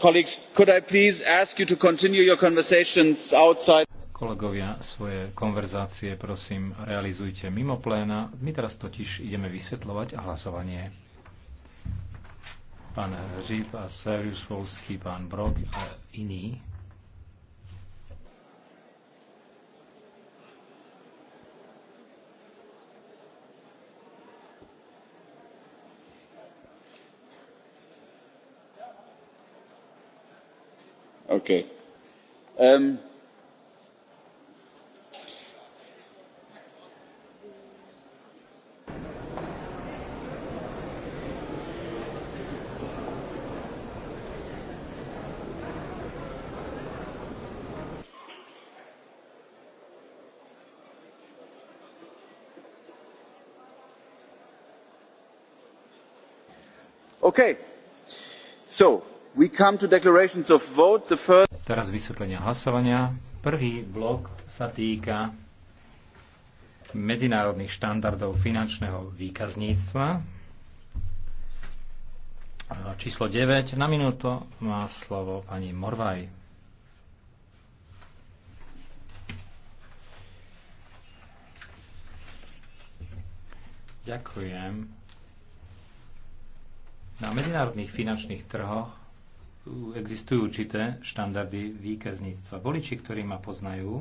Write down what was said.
colleagues could i please ask you to continue your conversations outside Kolegovia, svoje konverzácie prosím realizujte mimo pléna. My teraz totiž ideme vysvetľovať a hlasovanie. Pán Žip a Serius Volsky, pán Brok a iní Okay. Um, okay. so First... Teraz vysvetlenia hlasovania. Prvý blok sa týka medzinárodných štandardov finančného výkazníctva. Číslo 9. Na minúto má slovo pani Morvaj. Ďakujem. Na medzinárodných finančných trhoch existujú určité štandardy výkazníctva. Voliči, ktorí ma poznajú,